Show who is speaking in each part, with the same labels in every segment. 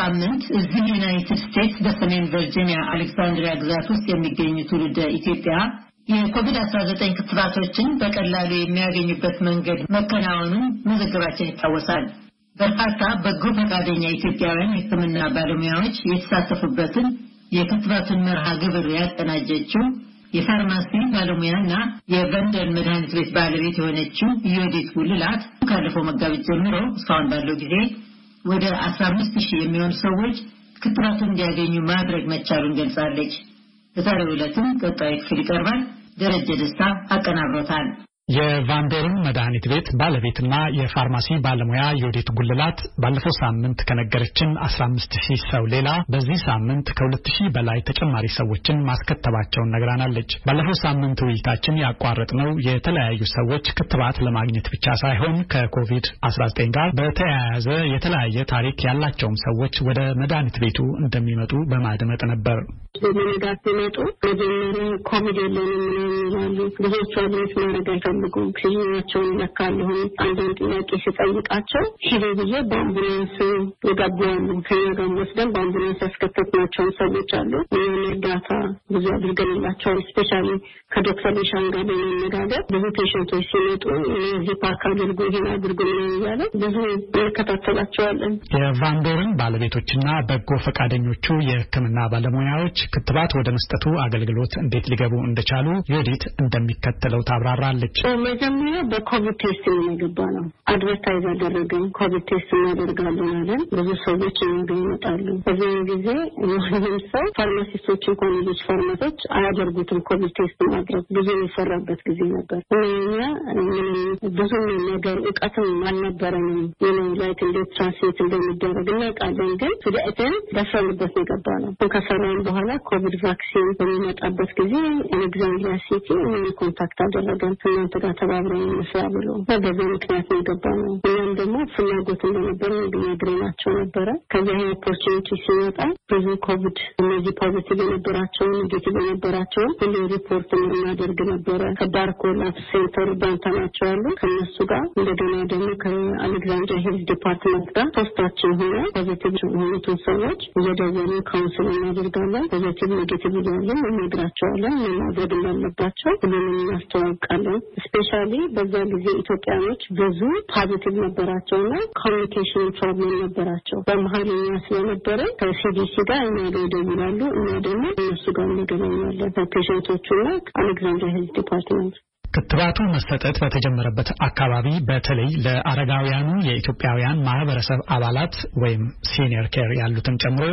Speaker 1: ሳምንት እዚህ ዩናይትድ ስቴትስ በሰሜን ቨርጂኒያ አሌክሳንድሪያ ግዛት ውስጥ የሚገኙ ትውልደ ኢትዮጵያ የኮቪድ-19 ክትባቶችን በቀላሉ የሚያገኙበት መንገድ መከናወኑን መዘገባችን ይታወሳል። በርካታ በጎ ፈቃደኛ ኢትዮጵያውያን ሕክምና ባለሙያዎች የተሳተፉበትን የክትባቱን መርሃ ግብር ያቀናጀችው የፋርማሲ ባለሙያና የቨንደን መድኃኒት ቤት ባለቤት የሆነችው ዮዲት ውልላት ካለፈው መጋቢት ጀምሮ እስካሁን ባለው ጊዜ ወደ 15 ሺህ የሚሆኑ ሰዎች ክትባቱን እንዲያገኙ ማድረግ መቻሉን ገልጻለች። በዛሬው ዕለትም ቀጣዩ ክፍል ይቀርባል። ደረጀ ደስታ አቀናብሮታል።
Speaker 2: የቫንዶርን መድኃኒት ቤት ባለቤትና የፋርማሲ ባለሙያ የወዴት ጉልላት ባለፈው ሳምንት ከነገረችን 15000 ሰው ሌላ በዚህ ሳምንት ከ2000 በላይ ተጨማሪ ሰዎችን ማስከተባቸውን ነግራናለች። ባለፈው ሳምንት ውይይታችን ያቋረጥነው የተለያዩ ሰዎች ክትባት ለማግኘት ብቻ ሳይሆን ከኮቪድ-19 ጋር በተያያዘ የተለያየ ታሪክ ያላቸውም ሰዎች ወደ መድኃኒት ቤቱ እንደሚመጡ በማድመጥ ነበር።
Speaker 1: ሲመጡ መጀመሪያ ኮቪድ የለንም ምናምን ይላሉ። ማድረግ አይፈልጉም። ልዩናቸውን ይመካለሁኝ። አንዱን ጥያቄ ሲጠይቃቸው ሂዱ ብዬ በአምቡላንስ የገቡ ያሉ ከኛ ጋር ወስደን በአምቡላንስ ያስከተትናቸውን ሰዎች አሉ። የሆነ እርዳታ ብዙ አድርገንላቸዋል። ስፔሻሊ ከዶክተር ሊሻን ጋር በመነጋገር ብዙ ፔሽንቶች ሲመጡ እዚህ ፓርክ አድርጉ፣ ይሄን አድርጉ ምናምን እያለ ብዙ እንከታተላቸዋለን።
Speaker 2: የቫንዶርን ባለቤቶችና በጎ ፈቃደኞቹ የህክምና ባለሙያዎች ክትባት ወደ መስጠቱ አገልግሎት እንዴት ሊገቡ እንደቻሉ ዮዲት እንደሚከተለው ታብራራለች። በመጀመሪያ በኮቪድ ቴስት ነው የገባ ነው።
Speaker 1: አድቨርታይዝ አደረገን። ኮቪድ ቴስት እናደርጋለን አለን። ብዙ ሰዎች እኛጋ ይመጣሉ። በዚያን ጊዜ ማንም ሰው ፋርማሲስቶች፣ እንኳን ልጆች ፋርማቶች አያደርጉትም። ኮቪድ ቴስት ማድረግ ብዙ የሚፈራበት ጊዜ ነበር። እኛ ብዙም ነገር እውቀትም አልነበረንም። የነው ላይክ እንዴት ትራንስሌት እንደሚደረግ እናውቃለን፣ ግን ስደእትን ደፈንበት የገባ ነው። ከሰራን በኋላ ኮቪድ ቫክሲን በሚመጣበት ጊዜ አሌግዛንድሪያ ሲቲ ኮንታክት አደረገን እናንተ ጋር ተባብረው ነው ስራ ብሎ በገዛ ምክንያት ነው የገባ ነው ሲማሩ ደግሞ ፍላጎት እንደነበረ ግሬ ነበረ። ከዚህ አይነት ኦፖርቹኒቲ ሲመጣ ብዙ ኮቪድ እነዚህ ፖዚቲቭ የነበራቸውን ኔጌቲቭ የነበራቸውን ሁሌ ሪፖርት እናደርግ ነበረ። ከባርኮ ላብ ሴንተሩ ዳንታ ናቸው አሉ ከእነሱ ጋር እንደገና ደግሞ ከአሌክዛንድሪያ ሄልዝ ዲፓርትመንት ጋር ፖስታችን ሆነ ፖዚቲቭ የሆኑትን ሰዎች እየደወሉ ካውንስል እናደርጋለን። ፖዚቲቭ ኔጌቲቭ እያለን እነግራቸዋለን ማድረግ እንዳለባቸው ሁሉንም እናስተዋውቃለን። ስፔሻሊ በዛ ጊዜ ኢትዮጵያኖች ብዙ ፖዚቲቭ ነበር ነበራቸው እና ኮሚኒኬሽን ፕሮብሌም ነበራቸው። በመሀልኛ ስለነበረ ከሲዲሲ ጋር እኛ ጋር ይደውላሉ፣ እኛ ደግሞ
Speaker 2: እነሱ ጋር እንገናኛለን። በፔሽንቶቹ በፔሸንቶቹና አሌክዛንድሪያ ሄልዝ ዲፓርትመንት ክትባቱ መሰጠት በተጀመረበት አካባቢ በተለይ ለአረጋውያኑ የኢትዮጵያውያን ማህበረሰብ አባላት ወይም ሲኒየር ኬር ያሉትን ጨምሮ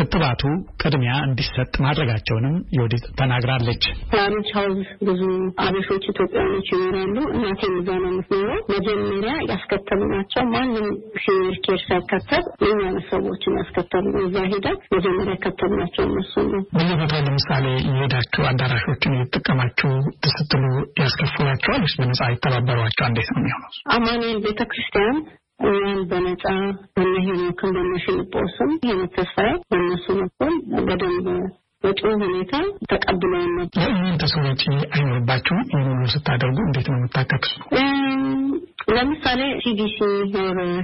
Speaker 2: ክትባቱ ቅድሚያ እንዲሰጥ ማድረጋቸውንም ዮዲት ተናግራለች። ፕላኖች ሀውዝ ብዙ አበሾች ኢትዮጵያኖች ይኖራሉ። እናቴ እዛ ነው የምትኖረው። መጀመሪያ ያስከተሉ ናቸው። ማንም ሲኒየር ኬር ሳይከተብ የኛ ሰዎችን ያስከተሉ እዛ ሄደ መጀመሪያ ያከተሉ ናቸው እነሱ ነው። በየቦታው ለምሳሌ የሄዳችሁ አዳራሾችን የተጠቀማችሁ ስትሉ ያስከፍሏቸዋል ወይስ በነጻ ይተባበሯቸዋል? እንዴት ነው የሚሆነው?
Speaker 1: አማኑኤል ቤተክርስቲያን እኛም በነጻ በነ ሄኖክን በነ ፊልጶስም ሄኖክ ተስፋዬ በእነሱ በኩል በደንብ በጥሩ ሁኔታ
Speaker 2: ተቀብለው ነው። የእናንተ ሰዎች አይኖርባቸውም? ይህን ሁሉ ስታደርጉ እንዴት ነው የምታካክሱ?
Speaker 1: ለምሳሌ ሲዲሲ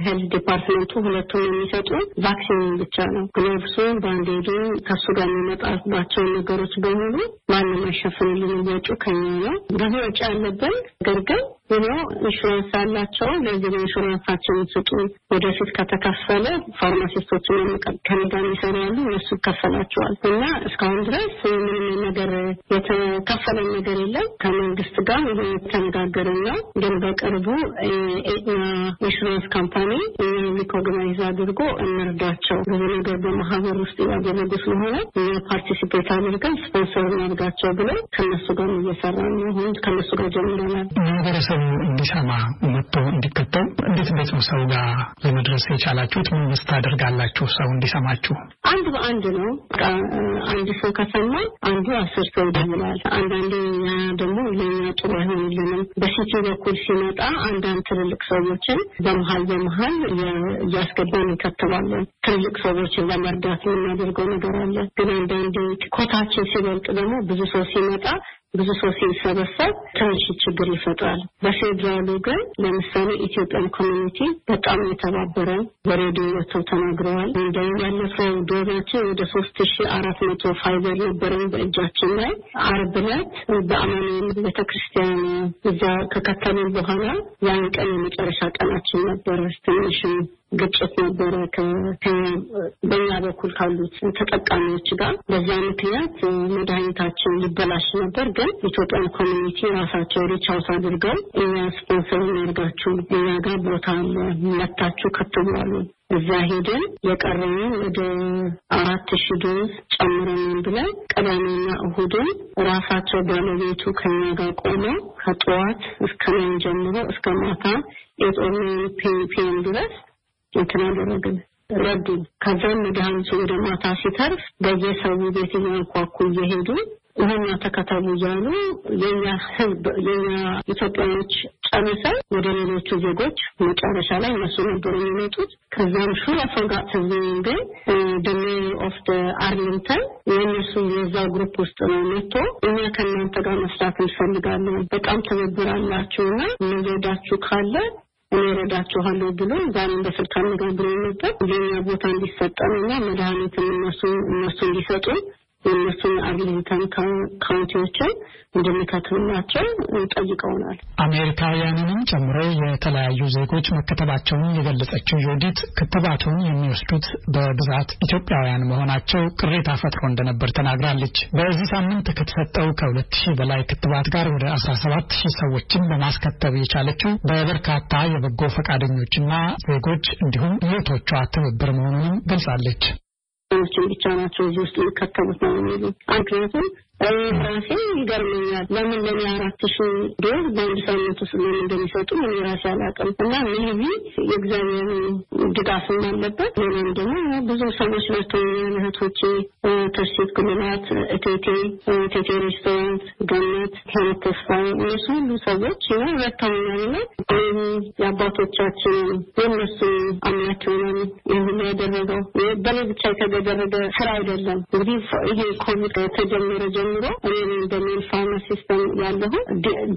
Speaker 1: ሄልዝ ዲፓርትመንቱ ሁለቱም የሚሰጡ ቫክሲን ብቻ ነው። ግሎብሱ፣ ባንዴዱ ከሱ ጋር የሚመጣባቸውን ነገሮች በሙሉ ማንም አይሸፍንልን። ወጪው ከኛ ነው። ብዙ ወጪ አለብን። ነገር ግን ብለው ኢንሹራንስ አላቸው። ለዚህ ኢንሹራንሳቸው የሚሰጡ ወደፊት ከተከፈለ ፋርማሲስቶችን ከእኔ ጋር የሚሰሩ ያሉ እነሱ ይከፈላቸዋል እና እስካሁን ድረስ ምንም ነገር የተከፈለ ነገር የለም። ከመንግስት ጋር የተነጋገርን ነው። ግን በቅርቡ ኤትና ኢንሹራንስ ካምፓኒ ሪኮግናይዝ አድርጎ እንርዳቸው ብዙ ነገር በማህበር ውስጥ ያደረጉ ስለሆነ ፓርቲሲፔት አድርገን ስፖንሰር እናድርጋቸው ብለን ከነሱ ጋር እየሰራ ነው። ከነሱ ጋር ጀምረናል።
Speaker 2: ሰው እንዲሰማ መጥቶ እንዲከተው እንዴት እንዴት ነው ሰው ጋር ለመድረስ የቻላችሁት? ምን ምስ ታደርጋላችሁ ሰው እንዲሰማችሁ?
Speaker 1: አንድ በአንድ ነው። አንድ ሰው ከሰማ አንዱ አስር ሰው ይደውላል። አንዳንዴ ደግሞ ለኛ ጥሩ አይሆንልንም። በሲቲ በኩል ሲመጣ አንዳንድ ትልልቅ ሰዎችን በመሀል በመሀል እያስገባን እንከትባለን። ትልልቅ ሰዎችን ለመርዳት የምናደርገው ነገር አለ። ግን አንዳንዴ ኮታችን ሲበልጥ ደግሞ ብዙ ሰው ሲመጣ ብዙ ሰው ሲሰበሰብ ትንሽ ችግር ይፈጥራል። በፌዴራሉ ግን ለምሳሌ ኢትዮጵያን ኮሚኒቲ በጣም የተባበረ በሬዲዮ ወጥተው ተናግረዋል። እንዲሁም ያለፈው ዶዛችን ወደ ሶስት ሺ አራት መቶ ፋይበር ነበረን በእጃችን ላይ አርብ ዕለት በአማኑኤል ቤተክርስቲያን እዛ ከከተምን በኋላ ያን ቀን የመጨረሻ ቀናችን ነበረ ትንሽም ግጭት ነበረ በኛ በኩል ካሉት ተጠቃሚዎች ጋር። በዚያ ምክንያት መድኃኒታችን ይበላሽ ነበር። ግን ኢትዮጵያን ኮሚኒቲ ራሳቸው ሪቻውስ አድርገው እኛ ስፖንሰር እናድርጋችሁ፣ እኛ ጋር ቦታ አለ፣ መታችሁ ከትሟሉ። እዛ ሄደን የቀረውን ወደ አራት ሺ ዶዝ ጨምረናል ብለን ቅዳሜና እሁድን ራሳቸው ባለቤቱ ከኛ ጋር ቆመው ከጠዋት እስከ ላይን ጀምሮ እስከ ማታ የጦር ፔንፔን ድረስ እንትን አደረግን ረዱ ከዛም መድኃኒቱ ወደ ማታ ሲተርፍ በየሰው ቤት እያንኳኩ እየሄዱ ይህኛ ተከተሉ እያሉ የኛ ህዝብ የኛ ኢትዮጵያኖች ጨርሰን ወደ ሌሎቹ ዜጎች መጨረሻ ላይ እነሱ ነበሩ የሚመጡት። ከዛም ሹር አፈጋት ህዝብን ግን ደሜ ኦፍ አርሊንተን የእነሱ የዛ ግሩፕ ውስጥ ነው መጥቶ እኛ ከእናንተ ጋር መስራት እንፈልጋለን፣ በጣም ትብብር እና መዘዳችሁ ካለ እኔ እረዳችኋለሁ ብሎ ዛሬም በስልክ አነጋግሮ ነበር። ለኛ ቦታ እንዲሰጠን እና መድኃኒትን እነሱ እንዲሰጡ የእነሱን አግኝተን ካውንቲዎችን እንደሚከትሉናቸው ጠይቀውናል።
Speaker 2: አሜሪካውያንንም ጨምሮ የተለያዩ ዜጎች መከተባቸውን የገለጸችው ዮዲት ክትባቱን የሚወስዱት በብዛት ኢትዮጵያውያን መሆናቸው ቅሬታ ፈጥሮ እንደነበር ተናግራለች። በዚህ ሳምንት ከተሰጠው ከሁለት ሺህ በላይ ክትባት ጋር ወደ አስራ ሰባት ሺህ ሰዎችን ለማስከተብ የቻለችው በበርካታ የበጎ ፈቃደኞችና ዜጎች እንዲሁም ሌቶቿ ትብብር መሆኑንም ገልጻለች።
Speaker 1: ሰዎችን ብቻ ናቸው እዚህ ውስጥ የሚከተሉት ነው የሚሉ ምክንያቱም ራሴ ይገርመኛል። ለምን ለኔ አራት ሺ ዶር በአንድ ሰውነት ውስጥ ለምን እንደሚሰጡ እኔ ራሴ አላውቅም። እና ሜቢ የእግዚአብሔር ድጋፍም አለበት። ሌላም ደግሞ ብዙ ሰዎች ናቸው እህቶቼ፣ ተሴት ጉልላት፣ እቴቴ፣ እቴቴ ሬስቶራንት፣ ገነት፣ ሄነት ተስፋ እነሱ ሁሉ ሰዎች ይ ረድተውኛልና የአባቶቻችን የእነሱ አምላክ ይሆናል ይህን ያደረገው በላይ ብቻ የተደረገ ስራ አይደለም። እንግዲህ ይሄ ኮቪድ ተጀመረ ጀምሮ እኔ በሜል ፋርማሲስተም ያለሁ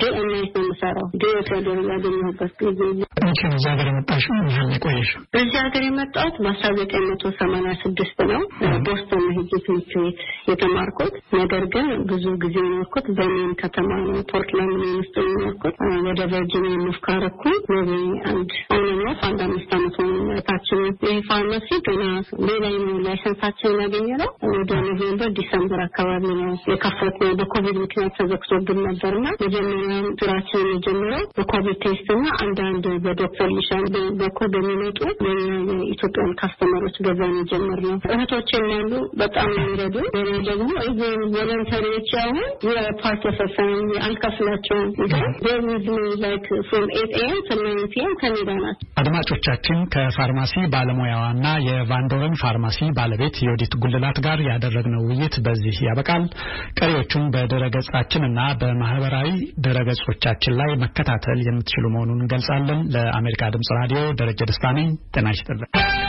Speaker 1: ዲኤንኤ ነው የምሰራው። ዲኤ ተደር ያገኘሁበት ጊዜ መቼ ነው እዛ ሀገር የመጣሽው? ያህል የቆየሽ? እዚህ ሀገር የመጣሁት በአስራ ዘጠኝ መቶ ሰማንያ ስድስት ነው ቦስተን ሄጄ ትምህርት ቤት የተማርኩት። ነገር ግን ብዙ ጊዜ የኖርኩት በሜን ከተማ ነው ፖርትላንድ ሜን ውስጥ የኖርኩት። ወደ ቨርጂኒያ ሙቭ ካረኩ ኖቤ አንድ አይነኛት አንድ አምስት አመት ሆኖታችን። ይህ ፋርማሲ ገና ሌላ ላይሰንሳችን ያገኘ ነው ወደ ኖቬምበር ዲሰምበር አካባቢ ነው የከፈት ነው በኮቪድ ምክንያት ተዘግቶብን ነበር ና መጀመሪያ ዙራችን የጀመረው በኮቪድ ቴስት ና አንዳንድ በዶክተር ሊሻን በኩል በሚመጡ የኢትዮጵያን ካስተመሮች ገዛ ነው ነው እህቶች ያሉ በጣም የሚረዱ ሌላ ደግሞ እዚህ ቮለንተሪዎች ያሁን የፓርት ተፈሳኝ አልከፍላቸውም ላይክ ፍሮም ኤት ኤም ስናይንቲም ከሜዳ ናቸው።
Speaker 2: አድማጮቻችን ከፋርማሲ ባለሙያዋ ና የቫንዶረን ፋርማሲ ባለቤት የወዲት ጉልላት ጋር ያደረግነው ውይይት በዚህ ያበቃል። ቀሪዎቹም በድረገጻችን እና በማህበራዊ ድረገጾቻችን ላይ መከታተል የምትችሉ መሆኑን እንገልጻለን። ለአሜሪካ ድምጽ ራዲዮ ደረጀ ደስታ ነኝ። ጤና ይስጥልን።